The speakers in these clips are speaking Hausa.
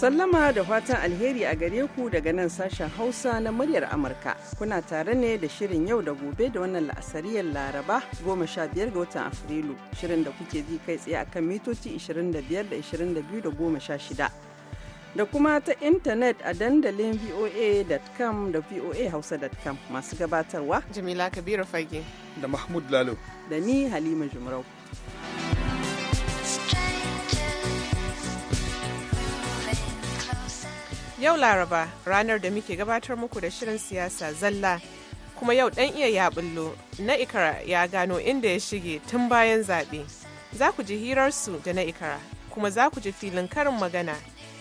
Sallama da fatan alheri a gare ku daga nan sashen Hausa na muryar Amurka. Kuna tare ne da shirin yau da gobe da wannan la'asariyar Laraba biyar ga watan Afrilu. Shirin da kuke ji kai tsaye akan mitoci 25 da 22 da Da kuma ta intanet a dandalin voa.com da voahausa.com masu gabatarwa. Jamila Kabiru Fage. Da Mahmud Lalo. Da ni Halima Jumrau. Yau Laraba ranar da muke gabatar muku da shirin siyasa zalla kuma yau dan iya ya bullo na ikara ya gano inda ya shige tun bayan zaɓe. Za ku ji hirarsu da na ikara kuma za ku ji filin karin magana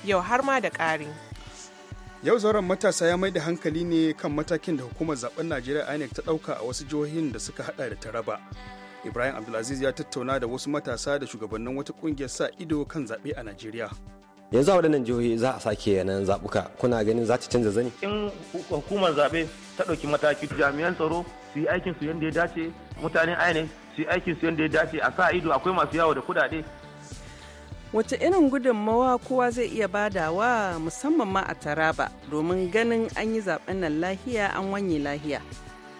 yau har ma da ƙari. Yau zauren matasa ya mai da hankali ne kan matakin da hukumar zaben Najeriya INEC ta ɗauka a wasu jihohin da suka hada da Taraba. Ibrahim Abdulaziz ya tattauna da wasu matasa da shugabannin wata kungiyar sa ido kan zaɓe a Najeriya. yanzu a waɗannan jihohi za a sake yanayin zaɓuka kuna ganin za ta canza zani in hukumar zaɓe ta ɗauki mataki jami'an tsaro su yi aikinsu yadda ya dace mutane aine su yi aikinsu yadda ya dace a sa ido akwai masu yawo da kuɗaɗe wace irin gudunmawa kowa zai iya badawa musamman ma a taraba domin ganin an yi zaɓen nan lahiya an wanye lahiya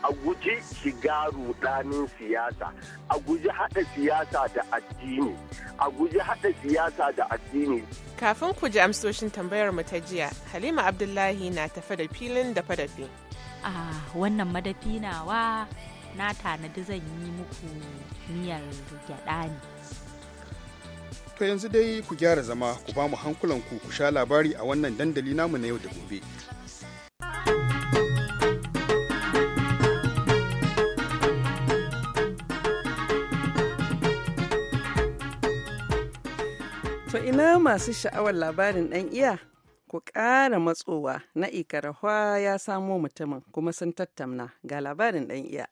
a guji shiga rudanin siyasa a guji haɗa siyasa da addini a guji hada siyasa da addini kafin ku ji amsoshin tambayar mu ta jiya halima abdullahi na tafe da filin da fadafi a' wannan madafi nawa na tanadi zan yi muku miyar gyaɗa ne to yanzu dai ku gyara zama ku ba mu hankulanku ku sha labari a wannan dandali namu na yau da gobe idan masu sha'awar labarin ɗan iya ku ƙara matsowa na ikarahwa ya samo mutumin kuma sun tattamna ga labarin ɗan iya.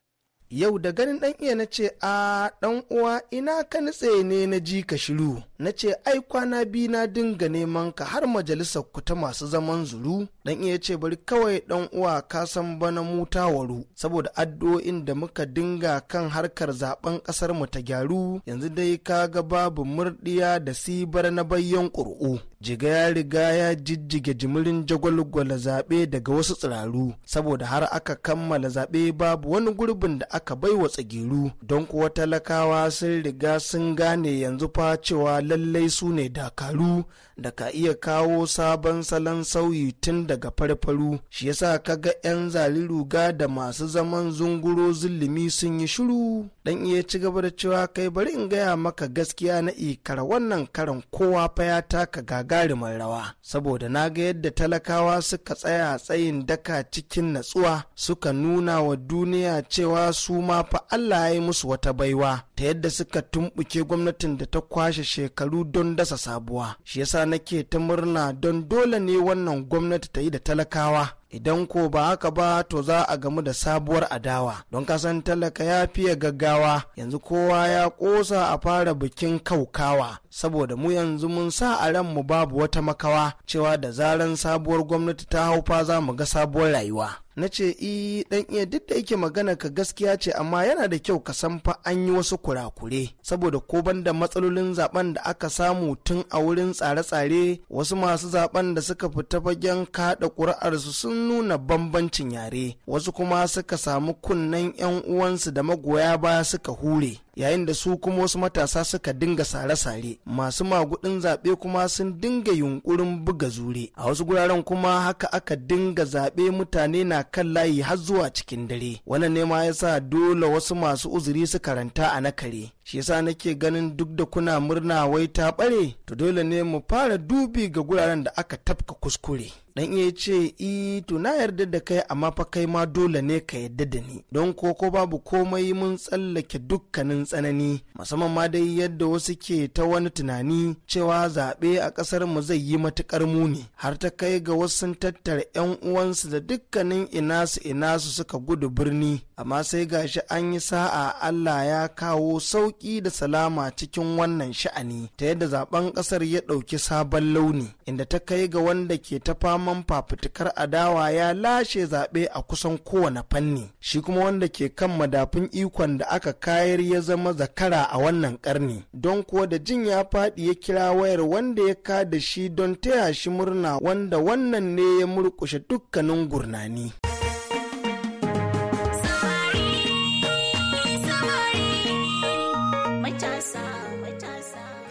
yau da ganin dan iya na ce a dan uwa ina ka nitse ne na ji ka shiru na ce ai kwana biyu na dinga neman ka har majalisar ku ta masu zaman zuru dan iya ce bari kawai dan uwa ka san bana muta waru saboda addu'o'in da muka dinga kan harkar zaben kasar mu ta gyaru yanzu dai ka ga babu murdiya da sibar na bayyan ƙur'u jiga ya riga ya jijjige jimirin jagwalgwala zaɓe daga wasu tsiraru saboda har aka kammala zaɓe babu wani gurbin da aka bai wa tsagiru don kuwa talakawa sun riga sun gane yanzu fa cewa lallai su ne dakaru da ka iya kawo sabon salon sauyi tun daga farfaru shi yasa kaga 'yan zariruga da masu zaman zunguro zulumi sun yi shiru dan iya ci gaba da cewa kai bari in gaya maka gaskiya na ikar wannan karan kowa fa ya taka gaga gagarumin rawa saboda na ga yadda talakawa suka tsaya tsayin daka cikin natsuwa suka nuna wa duniya cewa su ma fa Allah ya yi musu wata baiwa ta yadda suka tumbuke gwamnatin da ta kwashe shekaru don dasa sabuwa shi yasa nake ta murna don dole ne wannan gwamnati ta yi da talakawa idan ko ba haka ba to za a gamu da sabuwar adawa don kasan talaka ya fiye gaggawa yanzu kowa ya kosa a fara bikin kaukawa saboda mu yanzu mun sa a ran mu babu wata makawa cewa da zaran sabuwar gwamnati ta haufa za mu ga sabuwar rayuwa na ce i dan iya duk da yake magana ka gaskiya ce amma yana da kyau ka san fa an yi wasu kurakure saboda ko banda matsalolin zaben da aka samu tun a wurin tsare-tsare wasu masu zaben da suka fita fagen kada ƙuri'arsu sun nuna bambancin yare wasu kuma suka samu kunnen yan uwansu da magoya baya suka hure yayin da su kuma wasu matasa suka dinga sare-sare masu magudin zaɓe kuma sun dinga yunkurin buga zure a wasu guraren kuma haka aka dinga zaɓe mutane na kan layi har zuwa cikin dare wannan ne ma yasa dole wasu masu uzuri su karanta a na kare. shi yasa nake ganin duk da kuna murna wai ta bare to dole ne mu fara dubi ga guraren da aka tafka kuskure dan iya ce i e, to na yarda da kai amma fa kai ma dole ne ka yarda da ni don ko ko babu komai mun tsallake dukkanin tsanani musamman ma dai yadda wasu ke ta wani tunani cewa zaɓe a ƙasar mu zai yi matuƙar muni har ta kai ga wasu tattara yan uwansu da dukkanin ina su ina su suka gudu birni amma sai gashi an yi sa'a Allah ya kawo sauki sauƙi da salama cikin wannan sha'ani ta yadda zaben ƙasar ya ɗauki sabon launi inda ta kai ga wanda ke ta faman fafutukar adawa ya lashe zaɓe a kusan kowane fanni shi kuma wanda ke kan madafin ikon da aka kayar ya zama zakara a wannan ƙarni don kuwa da jin ya faɗi ya kira wayar wanda ya ka da shi don taya shi murna wanda wannan ne ya murƙushe dukkanin gurnani.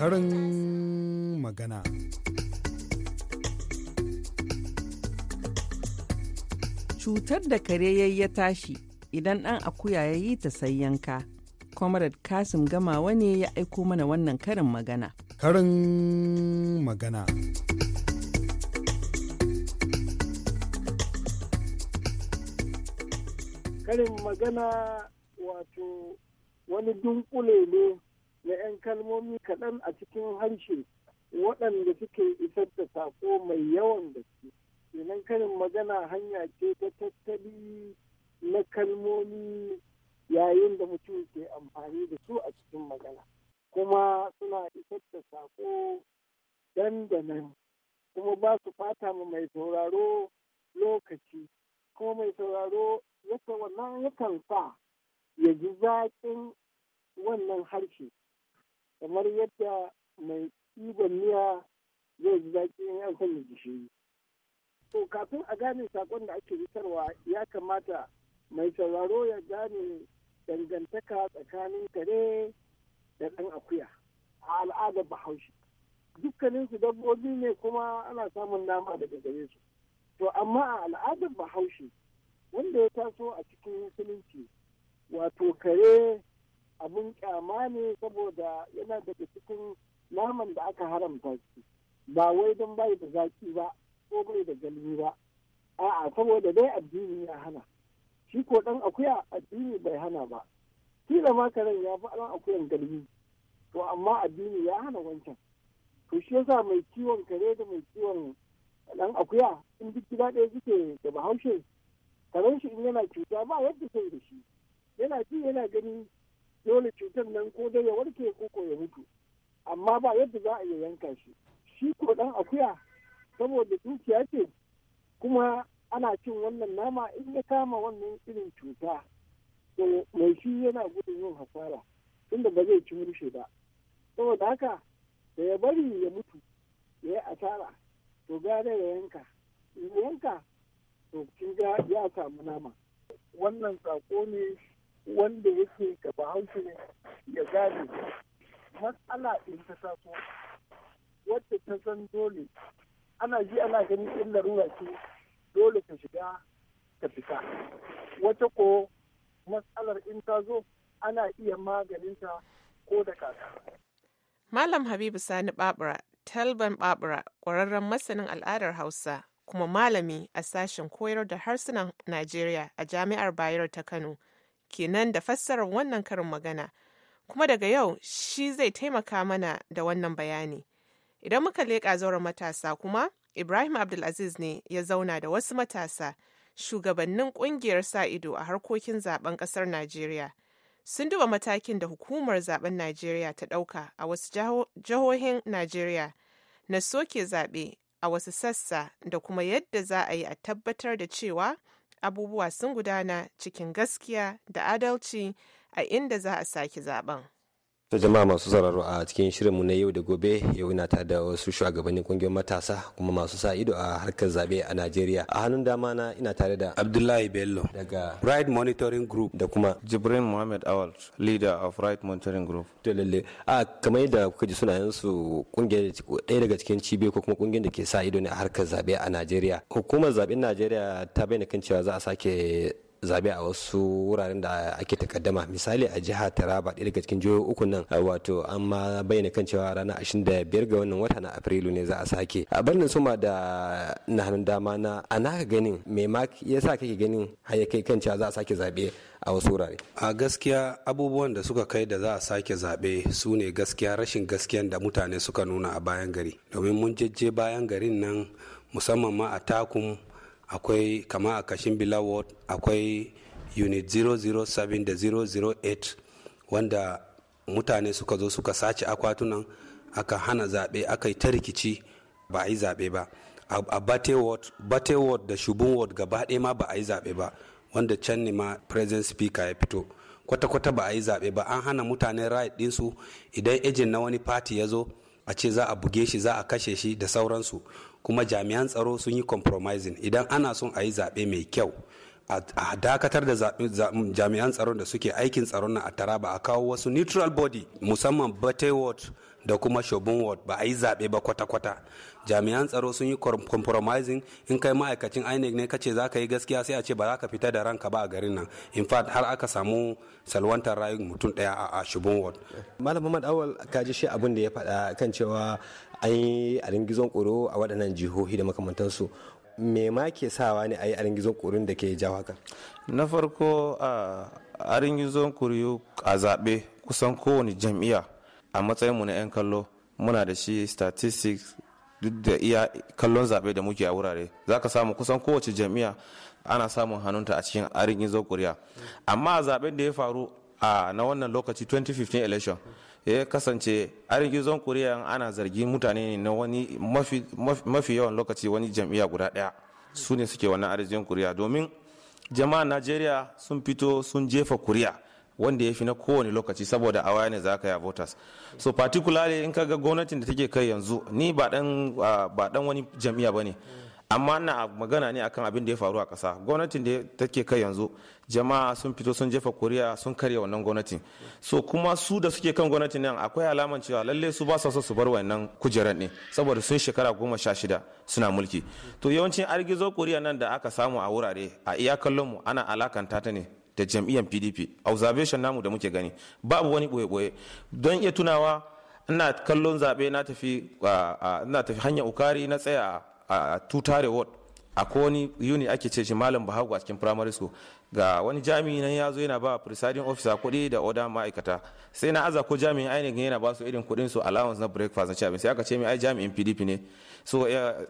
karin magana. Cutar da kare ya tashi idan ɗan akuya ya yi ta sai yanka. Comrade Kasim Gamawa ne ya aiko mana wannan karin magana. Karin magana. Karin magana wato wani dunkule ne na 'yan kalmomi kaɗan a cikin harshe waɗanda suke isar da sako mai yawan gaske idan karin magana hanya ce ta tattali na kalmomi yayin da mutum ke amfani da su a cikin magana kuma suna isar da sako dandanan kuma ba su fata ma mai sauraro lokaci ko mai sauraro yasa wannan yakan sa ya ji zaƙin wannan harshe kamar yadda mai ɗiban miya zai ji zaƙi in an sanya gishiri. To kafin a gane saƙon da ake fitarwa ya kamata mai sauraro ya gane dangantaka tsakanin kare da ɗan akuya a al'adar bahaushe. Dukkanin su dabbobi ne kuma ana samun nama daga gare su. To amma a al'adar bahaushe wanda ya taso a cikin musulunci wato kare abin kyama ne saboda yana daga cikin naman da aka haramta shi ba wai don bai da zaki ba ko bai da galmi ba a'a saboda dai addini ya hana shi ko dan akuya addini bai hana ba kila ma karen ya fi ɗan akuyan galmi to amma addini ya hana wancan to shi yasa mai ciwon kare da mai ciwon dan akuya in duk gida ɗaya suke da bahaushe karen shi in yana cuta ba yadda sai da shi yana ji yana gani dole cutar nan ko dai ya warke ko ko ya mutu amma ba yadda za a iya yanka shi shi ko dan akuya saboda dukiya ce kuma ana cin wannan nama in ya kama wannan irin cuta to mai shi yana gudun yin hasara tunda ba zai ci murshe ba saboda haka da ya bari ya mutu ya yi asara to gare ya yanka in yanka to kin ga ya samu nama wannan sako ne wanda yake ga bahaushe ya gane matsala in ta taso wadda ta san dole ana ji ana gani in larura ce dole ta shiga ta fita wata ko matsalar in ta zo ana iya maganinta ko da kaka. Malam Habibu Sani Babura, Talban Babura, ƙwararren masanin al'adar Hausa, kuma malami a sashen koyar da harsunan Najeriya a Jami'ar Bayero ta Kano, kenan da fassarar wannan karin magana kuma daga yau shi zai taimaka mana da wannan bayani idan muka leƙa zauren matasa kuma ibrahim abdulaziz ne ya zauna da wasu matasa shugabannin ƙungiyar sa ido a harkokin zaben ƙasar najeriya sun duba matakin da hukumar zaben najeriya ta ɗauka a wasu jihohin najeriya na soke zaɓe a wasu sassa da kuma yadda za a yi a tabbatar da cewa abubuwa sun gudana cikin gaskiya da adalci a inda za a sake zaben. jama'a masu sauraro a cikin shirinmu na yau da gobe yau na tare da wasu shugabannin kungiyoyin matasa kuma masu sa ido a harkar zabe a Najeriya. A hannun dama na ina tare da Abdullahi Bello daga right Monitoring Group da kuma Jibrin Muhammad Awal leader of right Monitoring Group. To lalle a kamar yadda kuka ji sunayen su kungiyar ɗaya daga cikin cibiyoyi ko kuma kungiyar da ke sa ido ne a harkar zabe a Najeriya. Hukumar zaben Najeriya ta bayyana kan cewa za a sake zabe a wasu wuraren da ake takaddama misali a jihar taraba ɗaya daga cikin jihohi uku nan wato an ma bayyana kan cewa ranar ashirin da biyar ga wannan wata na afrilu ne za a sake a birnin suma da na hannun dama na a naka ganin me ma ya sa kake ganin har ya kai kan cewa za a sake zabe a wasu wurare a gaskiya abubuwan da suka kai da za a sake zabe su ne gaskiya rashin gaskiyan da mutane suka nuna a bayan gari domin mun jejje bayan garin nan musamman ma a takun akwai kama a kashin ward akwai unit 007 da 008 wanda mutane suka zo suka sace akwatunan aka hana zaɓe aka yi ta rikici ba a yi zaɓe ba a bate ward da shubun ward gaba ma ba a yi zaɓe ba wanda can ne ma president speaker ya fito kwata-kwata ba a yi zaɓe ba an hana mutane right ɗinsu idan ejin na wani party ya zo a ce za a buge shi za a kashe shi da sauransu kuma jami'an tsaro sun yi compromising idan ana son a yi zaɓe mai kyau a dakatar da jami'an tsaron da suke aikin tsaron nan a taraba a kawo wasu neutral body musamman bate ward da kuma shobin ward ba a yi zaɓe ba kwata-kwata jami'an tsaro sun yi compromising in kai ma'aikacin inec ne kace za ka yi gaskiya sai a ce ba za ka fita da ranka ba a garin nan in fact har aka samu salwantar rayu mutum daya a shubun ward malam muhammad awal ka ji shi abin da ya faɗa kan cewa an yi a ringizon koro a waɗannan jihohi da makamantansu me ma ke sawa ne a yi a ringizon korin da ke jawo haka na farko a ringizon kuriyu a zaɓe kusan kowane jam'iyya a matsayinmu na 'yan kallo muna da shi statistics duk da iya kallon zaɓe da muke a wurare za ka samu kusan kowace jam'iyya ana samun hannunta a cikin arin izo kuriya amma a zaɓen da ya faru a na wannan lokaci 2015 election ya kasance arin izon kuriya ana zargin mutane ne na wani mafi yawan lokaci wani jami'a guda ɗaya su ne suke wannan arzikin kuriya domin jama'a najeriya sun fito sun jefa kuriya wanda ya fi na kowane lokaci saboda a waya ne za ka a voters so particularly in ka ga gwamnatin da take kai yanzu ni ba dan wani jami'a ba ne amma na magana ne akan abin da ya faru a ƙasa gwamnatin da take kai yanzu jama'a sun fito sun jefa kuriya sun karya wannan gwamnatin so kuma su da suke kan gwamnatin nan akwai alaman cewa lalle su ba so su bar wannan kujeran ne saboda sun shekara goma sha shida suna mulki to yawancin argizo kuriya nan da aka samu a wurare a iyakallon mu ana alakanta ta ne da jam'iyyar pdp observation namu da muke gani babu wani boye-boye don iya tunawa ina kallon zaɓe na tafi ina tafi hanyar ukari na tsaya a tutare ward a wani yuni ake ce shi malam bahagu a cikin primary school ga wani jami'i nan ya zo yana ba presiding officer kuɗi da oda ma'aikata sai na aza ko jami'in ainihin yana ba su irin kuɗin su allowance na breakfast na ci sai aka ce mai ai jami'in pdp ne so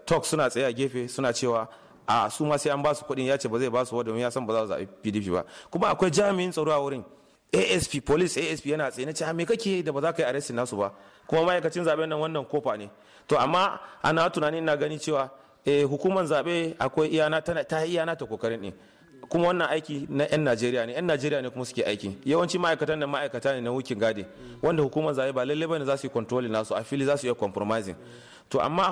talk suna tsaye a gefe suna cewa a su ma sai an ba su kuɗin ya ce ba zai ba su domin ya san ba za su zaɓi pdp ba kuma akwai jami'in tsaro a wurin asp police asp yana tsaye na ce me kake da ba za ka yi arrestin nasu ba kuma ma'aikacin zaben nan wannan kofa ne to amma ana tunani na gani cewa eh, hukumar zaɓe akwai iyana ta iyana ta kokarin ne. kuma wannan aiki na 'yan najeriya ne 'yan najeriya ne kuma suke aiki yawanci ma'aikatan da ma'aikata ne na wukin gadi wanda hukumar zaɓe ba lallai bane za su yi controlling nasu a fili za su iya compromising to amma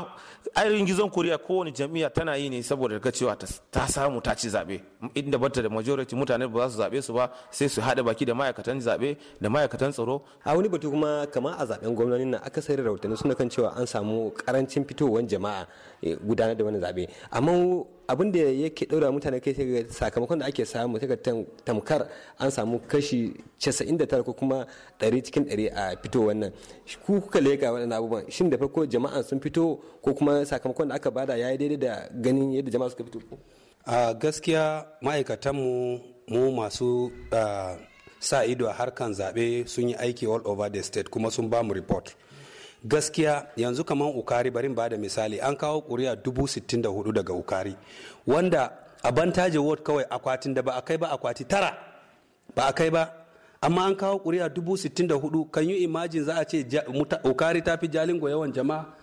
ayyukan gizon koriya kowane jam'iyya tana yi ne saboda daga cewa ta samu ta ci zaɓe inda bata da majority mutane ba za su zaɓe su ba sai su haɗa baki da ma'aikatan zaɓe da ma'aikatan tsaro a wani batu kuma kama a zaɓen gwamnati na aka da rahotanni suna kan cewa an samu karancin fitowar jama'a eh, gudanar da wani zaɓe amma abin da yake ɗaura mutane kai sai sakamakon da ake samu sai tamkar an samu kashi 99 ko kuma 100 cikin 100 a fitowar nan ku kuka leka waɗannan abubuwan shin da farko jama'an sun fito fito ko kuma sakamakon da aka bada ya yi daidai da ganin yadda jama'a suka fito a gaskiya ma'aikatanmu mu masu sa ido a harkan zaɓe sun yi aiki all over the state kuma sun ba mu report gaskiya yanzu kamar ukari barin ba da misali an kawo kuriya dubu sittin da hudu daga ukari wanda a bantaje ward kawai akwatin da ba a kai ba akwati tara ba a kai ba amma an kawo kuriya dubu sittin da hudu kan yi imajin za a ce ukari ta fi jalingo yawan jama'a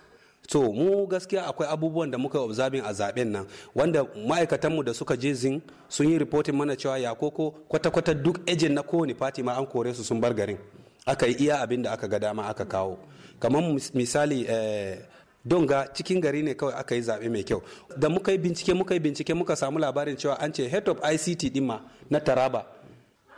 to mu gaskiya akwai abubuwan da muka observing a zaben nan wanda ma'aikatanmu da suka je zin sun yi ripotin mana cewa ya koko kwata-kwata duk ejin na kowane fati ma an kore su sun bar garin aka yi iya abin da aka ga dama aka kawo kamar misali eh, donga cikin gari ne kawai aka yi zabe mai kyau da muka yi bincike muka yi bincike muka samu labarin cewa an ce head of ict din ma na taraba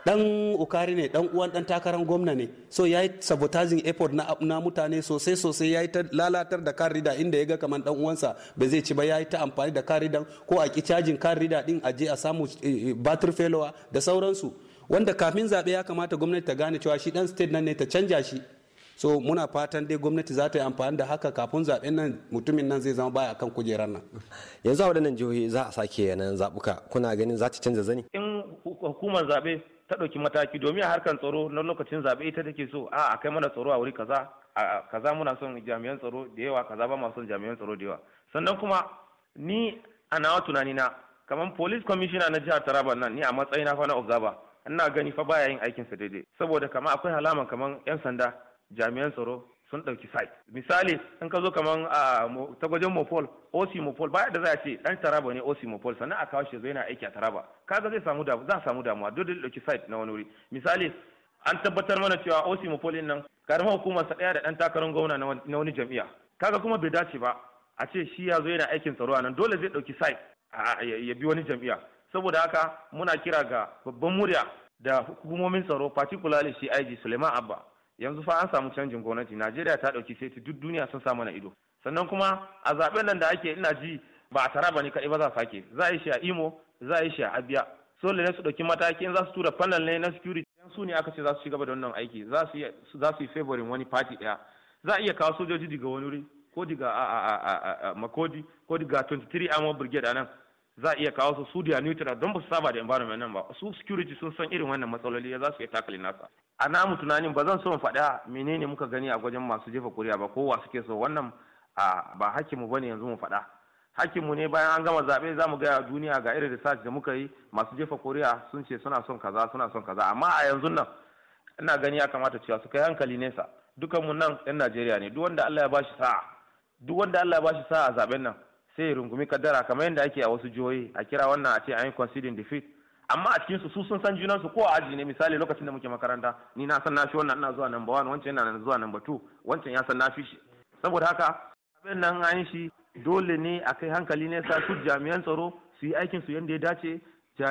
dan ukari ne dan uwan dan takarar gwamna ne so ya yi sabotaging effort na, mutane sosai sosai ya yi ta lalatar da kan rida inda ya ga kamar dan uwansa ba zai ci ba ya yi ta amfani da kan ridan ko a ki cajin kan rida din a je a samu eh, eh, battery failure da sauransu wanda kafin zaɓe ya kamata gwamnati ta gane cewa shi dan state nan ne ta canja shi so muna fatan dai gwamnati za ta yi amfani da haka kafin zaɓen nan mutumin nan zai zama baya akan kujerar nan yanzu a waɗannan jihohi za a sake yanayin zaɓuka kuna ganin za ta canza zani in hukumar zaɓe ta ɗauki mataki domin a harkar tsaro na lokacin zaɓe ita take so a a kai mana tsaro a wuri kaza a kaza muna son jami'an tsaro da yawa kaza ba son jami'an tsaro da yawa sannan kuma ni a nawa tunani na kamar police commissioner na jihar Taraba nan ni a matsayi na fana na ina gani fa baya yin aikinsa daidai saboda kama akwai halaman kamar yan sanda jami'an tsaro sun ɗauki site misali in ka zo kaman a tagwajen mopol osi mopol baya da za a ce ɗan taraba ne osi mopol sannan a kawo shi zo yana aiki a taraba kaga zai samu damu za samu damuwa dole da ɗauki site na wani wuri misali an tabbatar mana cewa osi mopol ɗin nan karamar hukumar sa ɗaya da ɗan takarar gwamna na wani jam'iyya kaga kuma bai dace ba a ce shi ya zo yana aikin tsaro a nan dole zai ɗauki site ya bi wani jam'iyya saboda haka muna kira ga babban murya da hukumomin tsaro particularly shi IG Suleiman Abba yanzu fa an samu canjin gwamnati najeriya ta ɗauki sai duk duniya sun samu na ido sannan kuma a zaɓen nan da ake ina ji ba a tara ba ne kaɗai ba za sake za a yi shi a imo za a yi shi a abiya sole ne su ɗauki mataki in za su tura panel ne na security yan su ne aka ce za su shiga gaba da wannan aiki za su yi favorin wani party daya. za a iya kawo sojoji daga wani wuri ko daga makodi ko daga 23 armor brigade a nan za a iya kawo su sudiya neutral don ba su saba da environment nan ba su security sun san irin wannan matsaloli za su iya takali nasa a namu tunanin ba zan so in faɗa menene muka gani a gwajin masu jefa kuri'a ba kowa suke so wannan ba ba bane yanzu mu faɗa mu ne bayan an gama zaɓe za mu gaya duniya ga irin research da muka yi masu jefa kuri'a sun ce suna son kaza suna son kaza amma a yanzu nan ina gani ya kamata cewa su kai hankali nesa dukanmu nan 'yan najeriya ne duk wanda allah ya bashi sa'a duk wanda allah ya bashi sa'a a zaben nan sai ya rungumi kaddara kamar yadda ake a wasu jihohi a kira wannan a ce an yi conceding defeat amma a cikin su su sun san junan su ko a aji ne misali lokacin da muke makaranta ni na san nafi wannan ina zuwa number one wancan yana zuwa number two wancan ya san nafi shi saboda haka abin nan an yi shi dole ne a kai hankali ne sa su jami'an tsaro su yi aikin su yadda ya dace eh,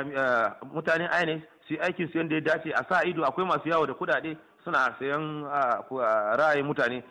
mutanen INEC su yi aikin su yadda ya dace a sa ido akwai masu yawo da kudade suna sayan ah, ah, ra'ayin mutane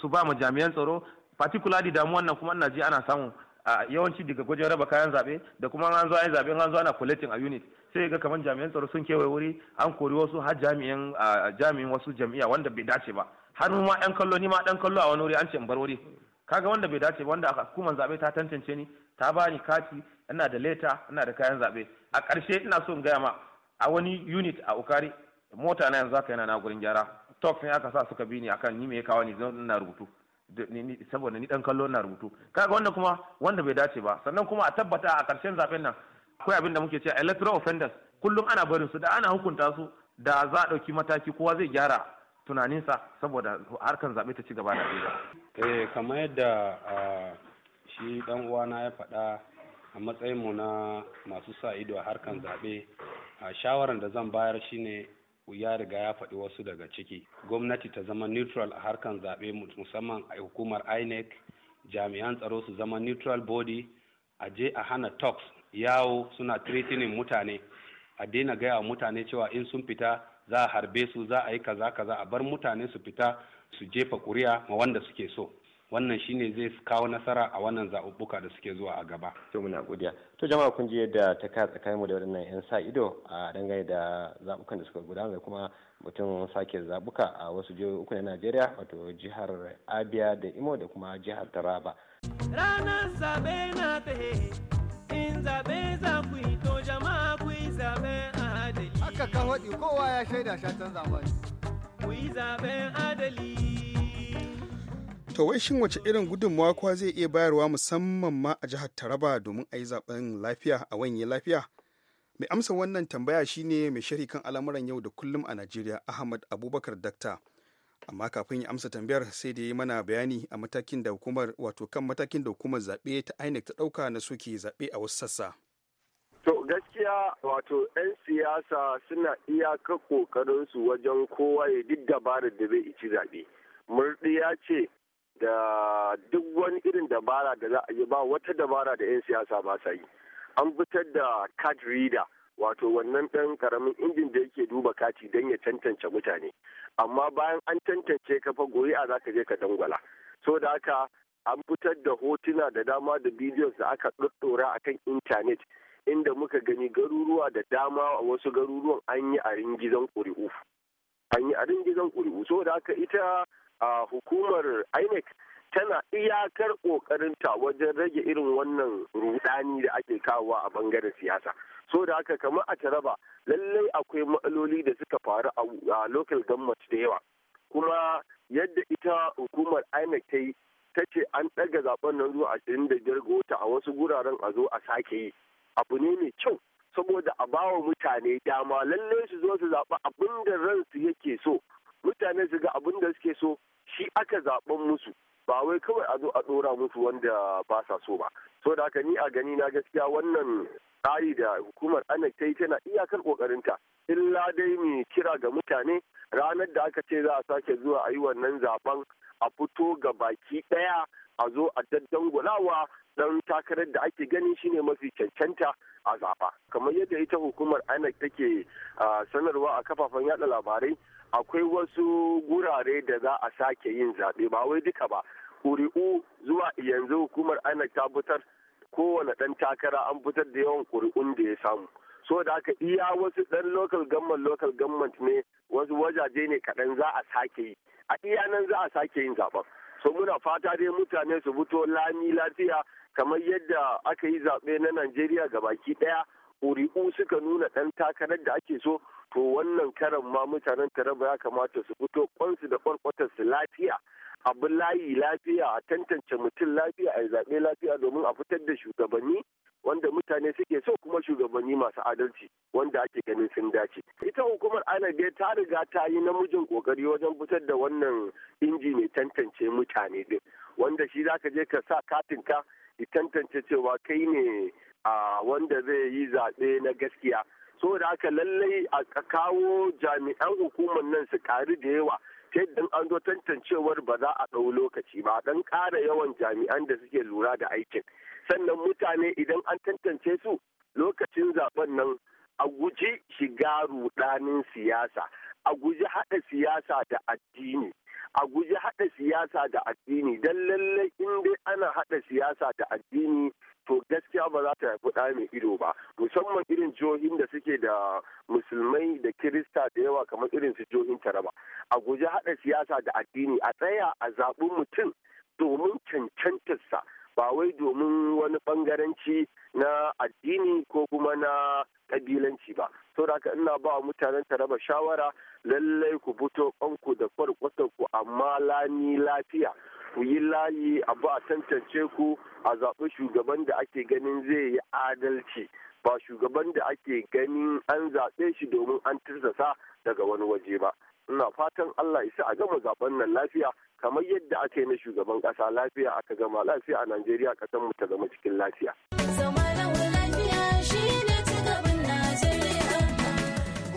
su ba mu jami'an tsaro da damuwan nan kuma ina ji ana samu a yawanci daga gwajin raba kayan zabe da kuma an zo an zabe an zo ana collecting a unit sai ga kamar jami'an tsaro sun kewaye wuri an kori wasu har jami'an jami'in wasu jami'a wanda bai dace ba har ma yan kallo ni ma dan kallo a wani wuri an ce in bar wuri kaga wanda bai dace ba wanda hukumar zabe ta tantance ni ta bani kati ina da leta ina da kayan zabe a ƙarshe ina so in gaya ma a wani unit a ukari mota na yanzu haka yana na gurin gyara talk ne aka sa suka bi ni akan ni me ya kawo ni ina rubutu saboda ni dan kallo na rubutu kaga wanda kuma wanda bai dace ba sannan kuma a tabbata a karshen zaben nan akwai abin da muke cewa electoral offenders kullum ana barin su da ana hukunta su da za a ɗauki mataki kowa zai gyara tunaninsa saboda harkan zaɓe ta ci gaba da eh kamar yadda shi dan uwana ya faɗa a matsayin mu na masu sa ido a harkan zaɓe a shawaran da zan bayar shine ya riga ya faɗi wasu daga ciki gwamnati ta zama neutral a harkan zaɓe musamman a hukumar inec jami'an tsaro su zama neutral body a je a hana talks yawo suna threatening mutane a daina gaya wa mutane cewa in sun fita za a harbe su za a yi kaza kaza a bar mutane su fita su jefa kuri'a ma wanda suke so wannan shine zai kawo nasara a wannan zaɓuɓɓuka da suke zuwa a gaba. To muna godiya. To jama'a kun ji yadda ta kaya tsakaninmu da waɗannan 'yan sa ido a dangane da zaɓukan da suka gudana da kuma mutum sake zaɓuka a wasu jihohi na Najeriya wato jihar Abia da Imo da kuma jihar Taraba. Ranar zaɓe na ta in zaɓe za ku yi to jama'a ku yi zaɓe adali. Haka ka faɗi kowa ya shaida shatan zamani. Ku zaɓen adali. To wai shin wace irin gudunmawa kwa zai iya bayarwa musamman ma a jihar Taraba domin a yi zaben lafiya a wanye lafiya? Mai amsa wannan tambaya shine mai shari kan al'amuran yau da kullum a Najeriya Ahmad Abubakar Dakta. Amma kafin ya amsa tambayar sai da yi mana bayani a matakin da hukumar wato kan matakin da hukumar zaɓe ta INEC ta ɗauka na suke zaɓe a wasu sassa. To gaskiya wato 'yan siyasa suna iyaka kokarinsu wajen kowa ya duk dabarar da zai ici zaɓe. ya ce da duk wani irin dabara da za a yi ba wata dabara da 'yan siyasa ba sa yi an fitar da card reader wato wannan ɗan karamin injin da yake duba kati don ya tantance mutane amma bayan an tantance kafa goyi a zaka je ka dangwala so da haka an fitar da hotuna da dama da bidiyon da aka ɗaɗɗora a kan intanet inda muka gani garuruwa da dama a wasu garuruwan an yi a ringizan ƙuri'u an yi a ringizan ƙuri'u so da haka ita A hukumar INEC tana iyakar ƙoƙarinta wajen rage irin wannan rudani da ake kawo a bangaren siyasa so da haka kamar a taraba lallai akwai matsaloli da suka faru a local government da yawa kuma yadda ita hukumar inec ta yi ta ce an ɗaga zaɓen nan zuwa ashirin da biyar ga wata a wasu guraren a zo a sake yi abu ne mai kyau saboda a bawa mutane dama lallai su zo su zaɓi abin da ransu yake so mutane su ga abin da suke so shi aka zaben musu ba wai kawai a zo a ɗora musu wanda ba sa so ba so da haka ni a gani na gaskiya wannan tsari da hukumar anak ta yi tana iyakar kokarinta illa dai mai kira ga mutane ranar da aka ce za a sake zuwa a yi wannan zaben a fito ga baki ɗaya a zo a daddangulawa dan takarar da ake gani shine mafi cancanta a zaɓa kamar yadda ita hukumar anak take ah, sanarwa a kafafen yada labarai akwai wasu gurare da za a sake yin zaɓe ba wai duka ba ƙuri'u zuwa yanzu hukumar INEC ta fitar kowane ɗan takara an fitar da yawan ƙuri'un da ya samu so da aka iya wasu ɗan local government local government ne wasu wajaje ne kaɗan za a sake yi a iya nan za a sake yin zaɓen so muna fata dai mutane su fito lami lafiya kamar yadda aka yi zaɓe na Najeriya ga baki ɗaya ƙuri'u suka nuna ɗan takarar da ake so to wannan karan ma mutanen taraba ya kamata su fito kwansu da su lafiya abin layi lafiya a tantance mutum lafiya a zaɓe lafiya domin a fitar da shugabanni wanda mutane suke so kuma shugabanni masu adalci wanda ake ganin sun dace ita hukumar inec ta riga ta yi namijin kokari wajen fitar da wannan inji mai tantance mutane din wanda shi zaka je ka sa katinka ya tantance cewa kai ne a wanda zai yi zaɓe na gaskiya so da haka lallai a kawo jami'an hukumar nan su ƙari da yawa ta yadda an zo tantancewar ba za a ɗau lokaci ba dan ƙara yawan jami'an da suke lura da aikin sannan mutane idan an tantance su lokacin zaben nan a guji shiga rudanin siyasa a guji haɗa siyasa da addini a guji haɗa siyasa da addini don lallai in dai ana haɗa siyasa da addini to gaskiya ba za ta haifi ɗa mai ido ba musamman irin jihohin da suke da musulmai da kirista da yawa kamar irin su jihohin taraba a guji haɗa siyasa da addini a tsaya a zaɓi mutum domin cancantarsa ba wai domin wani bangaranci na addini ko kuma na kabilanci ba saboda haka ina ba mutanen taraba shawara lallai ku fito kanku da kwarkwatar ku amma lani lafiya ku yi layi a a tantance ku a zaɓi shugaban da ake ganin zai yi adalci ba shugaban da ake ganin an zaɓe shi domin an tirsasa daga wani waje ba ina fatan allah isa a gama zaɓen nan lafiya kamar yadda aka na shugaban ƙasa lafiya aka gama lafiya a najeriya ƙasar mu ta zama cikin lafiya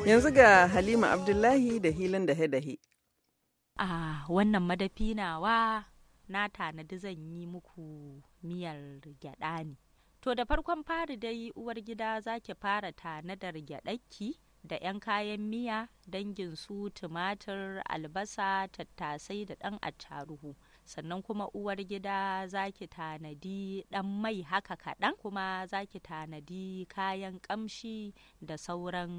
yanzu ga halima abdullahi da hilin da hedahi a ah, wannan madafi nawa na tanadi zan yi muku miyar gyaɗa ne to da farkon fari dai uwar gida za ki fara tanadar gyadakki da 'yan kayan miya dangin su tumatir albasa tattasai da ɗan attaruhu sannan kuma uwar gida za ki tanadi ɗan mai haka kaɗan kuma za ki tanadi kayan ƙamshi da sauran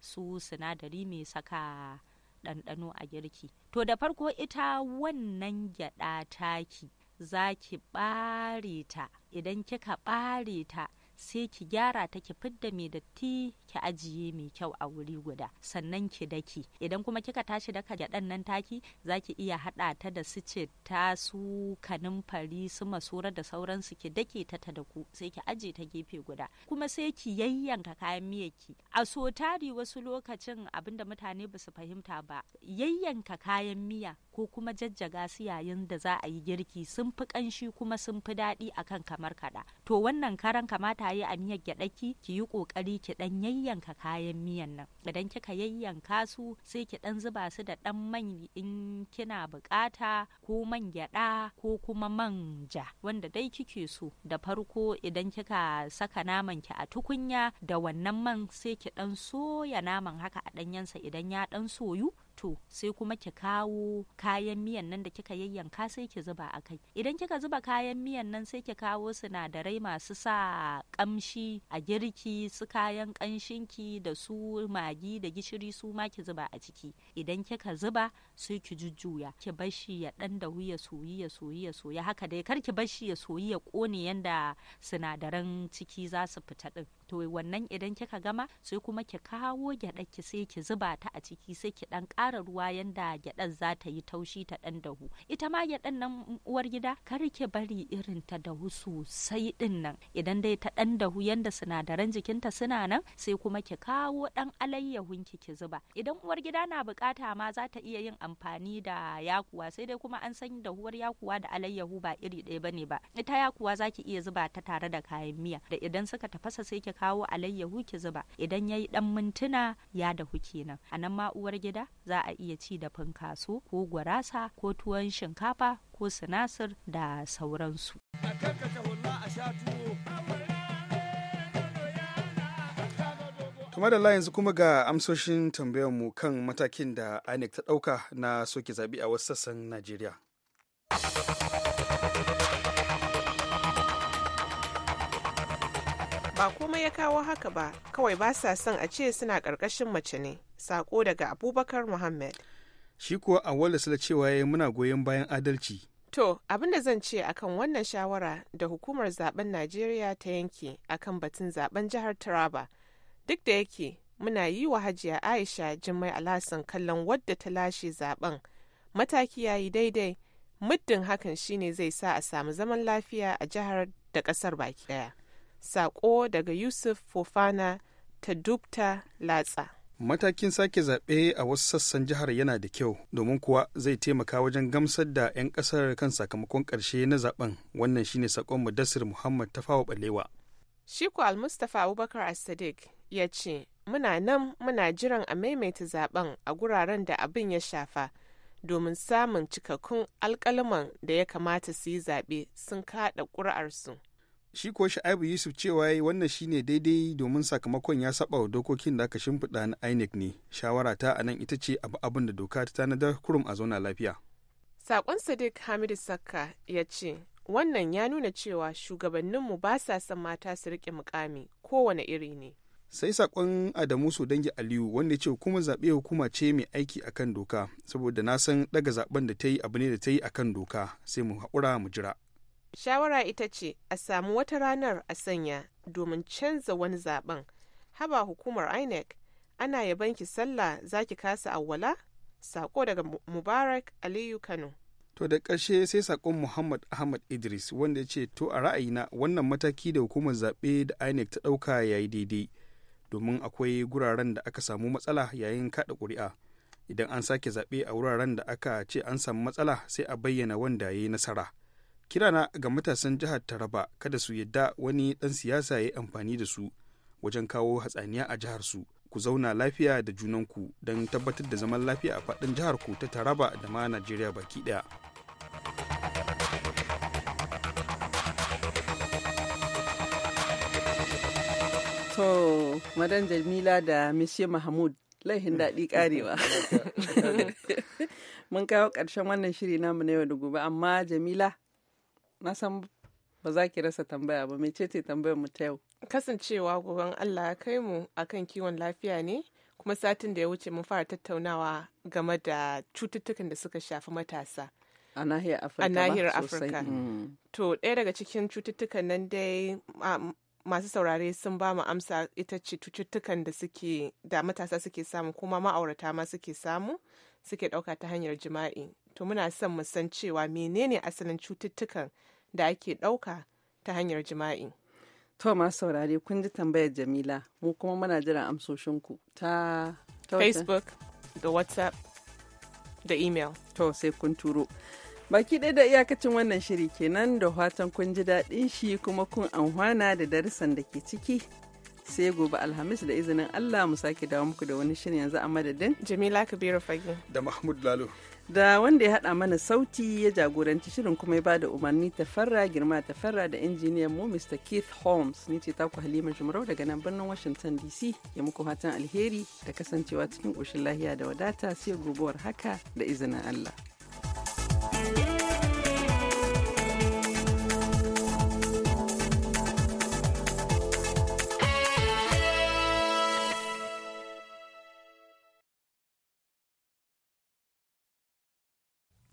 su sinadari mai saka ɗanɗano a girki to da farko ita wannan gyaɗa taki za ki ɓare ta idan kika ɓare ta sai ki gyara ta ki fidda mai datti ki ajiye mai kyau a wuri guda sannan ki daki idan kuma kika tashi daka gyaɗan nan taki ki iya haɗa ta da su ta su kanumfari su masura da sauransu ki dake ta ta ku sai ki ajiye ta gefe guda kuma sai ki yayyanka kayan miyarki a so tari wasu lokacin abinda mutane ba su fahimta ba yayyanka kayan miya ko kuma jajjaga su yayin da za a yi girki sun fi ƙanshi kuma sun fi daɗi akan kamar kaɗa to wannan karan kamata a yi a miyar gyaɗaki ki yi ƙoƙari ki ɗan yayyanka yayyanka kayan miyan nan idan kika yayyanka su sai ki dan zuba su da dan man in kina bukata ko man gyada ko kuma man ja wanda dai kike so da farko idan kika saka naman ki a tukunya da wannan man sai ki dan soya naman haka a danyensa idan ya dan soyu to sai kuma ki kawo kayan miyan nan da kika yayyanka sai ki zuba a kai idan kika zuba kayan miyan nan sai ki kawo sinadarai masu sa kamshi a girki su kayan ki da su magi da gishiri su ma ki zuba a ciki idan kika zuba sai ki jujjuya ki bashi ya dan da ya soyi ya soyi ya soyi haka dai kar ki bashi ya soyi ya kone yanda sinadaran ciki za su fita din to wannan idan kika gama sai kuma ki kawo gyaɗar ki sai ki zuba ta a ciki sai ki dan ƙara ruwa yanda gyaɗar za ta yi taushi ta dan dahu ita ma gyaɗan nan mm, uwar gida kar ki bari irin ta dahu sosai din nan idan dai ta ɗan dahu yanda sinadaran jikinta suna nan sai kuma ki kawo ɗan alayyahun ki ki zuba idan uwar gida na bukata ma za ta iya yin amfani da yakuwa sai dai kuma an san dahuwar yakuwa da alayyahu ba iri ɗaya bane ba ita yakuwa za ki iya zuba ta tare da kayan miya da idan suka tafasa sai ki kawo alayyahu ki zuba idan yayi dan mintuna ya dahu kenan anan ma uwar gida za a iya ci da finkaso ko gwarasa ko tuwon shinkafa ko sinasir da sauransu kuma da yanzu kuma ga amsoshin mu kan matakin da inec ta dauka na soke zaɓi a wasu sassan najeriya ba komai ya kawo haka ba kawai ba sa son a ce suna ƙarƙashin mace ne sako daga abubakar muhammad shi kuwa a wala cewa ya yi muna goyon bayan adalci to abin da zan ce akan wannan shawara da hukumar zaben najeriya ta yanke akan batun zaben jihar taraba duk da yake muna yi wa hajiya aisha jimmai alhassan kallon wadda ta lashe zaben mataki ya yi daidai muddin hakan shine zai sa a samu zaman lafiya a jihar da ƙasar baki ɗaya. Sako daga Yusuf Fofana ta dubta latsa. Matakin sake zaɓe a wasu sassan jihar yana da kyau domin kuwa zai taimaka wajen gamsar da 'yan ƙasar kan sakamakon ƙarshe na zaɓen wannan shine sakon Mudassir Muhammad fawa Balewa. Shiku Almustapha Abubakar As-Sadiq ya ce, Muna nan muna jiran a maimaita zaɓen a guraren da abin ya shafa domin samun cikakkun alkalaman da ya kamata su yi zaɓe sun kaɗa ƙuri'arsu. shi ko sha'ibu yusuf cewa wannan shine daidai domin sakamakon ya saba wa dokokin da aka shimfiɗa na inec ne shawara ta a nan ita ce abu abin da doka ta tanadar kurum a zauna lafiya saƙon sadiq hamidu sakka ya ce wannan ya nuna cewa shugabanninmu ba sa son mata su riƙe mukami kowane iri ne sai saƙon adamu su dangi aliyu wanda ya ce hukumar zaɓe hukuma ce mai aiki akan doka saboda na san ɗaga zaɓen da ta yi abu ne da ta yi akan doka sai mu haƙura mu jira Shawara ita ce a samu wata ranar a sanya domin canza wani zaben. Haba hukumar INEC, ana banki sallah za ki kasa awwala? Sako daga Mubarak Aliyu Kano. To da ƙarshe sai sakon Muhammad Ahmad Idris wanda ya ce to a ra'ayina wannan mataki da hukumar zaɓe da INEC ta ɗauka yayi daidai domin akwai guraren da aka samu matsala yayin kaɗa ƙuri'a. Idan an sake zaɓe a wuraren da aka ce an samu matsala sai a bayyana wanda ya yi nasara. kirana ga matasan jihar taraba kada su yadda wani ɗan siyasa ya yi amfani da su wajen kawo hatsaniya a jihar su ku zauna lafiya da junan ku don tabbatar da zaman lafiya a faɗin jihar ku ta taraba da ma najeriya baki ɗaya To, Madan Jamila da Mishe Mahmud laihin daɗi ƙarewa. Mun kawo ƙarshen wannan shiri namu na yau da gobe, amma Jamila na san ba za ki rasa tambaya ba mece ce tambayar mu ta yau kasancewa gogon Allah ya kai mu akan kiwon lafiya ne kuma satin da ya wuce mun fara tattaunawa game da cututtukan da suka shafi matasa a nahiyar afirka, mm. to ɗaya daga cikin cututtukan nan dai masu saurare sun ba mu amsa ita ce cututtukan da suke da matasa suke samu kuma ma'aurata ma suke samu suke ɗauka ta hanyar jima'i to muna son mu san cewa menene asalin cututtukan da ake ɗauka ta hanyar jima'i. To masu saurare kun ji tambayar Jamila mu kuma muna jiran amsoshinku ta Facebook da WhatsApp da email. To sai kun turo. Baki ɗaya da iyakacin wannan shiri kenan da fatan kun ji daɗin shi kuma kun anhwana da darussan da ke ciki. Sai gobe Alhamis da izinin Allah mu sake dawo muku da wani shirin yanzu a madadin. Jamila Kabiru Fage. Da Mahmud Lalo. da wanda ya haɗa mana sauti ya jagoranci shirin kuma ya ba da umarni ta tafarra girma ta tafarra da injiniyan mu Mr. Keith Holmes ni ce taku Halima Jumarau daga nan birnin Washington DC ya muku fatan alheri da kasancewa cikin ƙoshin lahiya da wadata sai gobuwar haka da izinin Allah.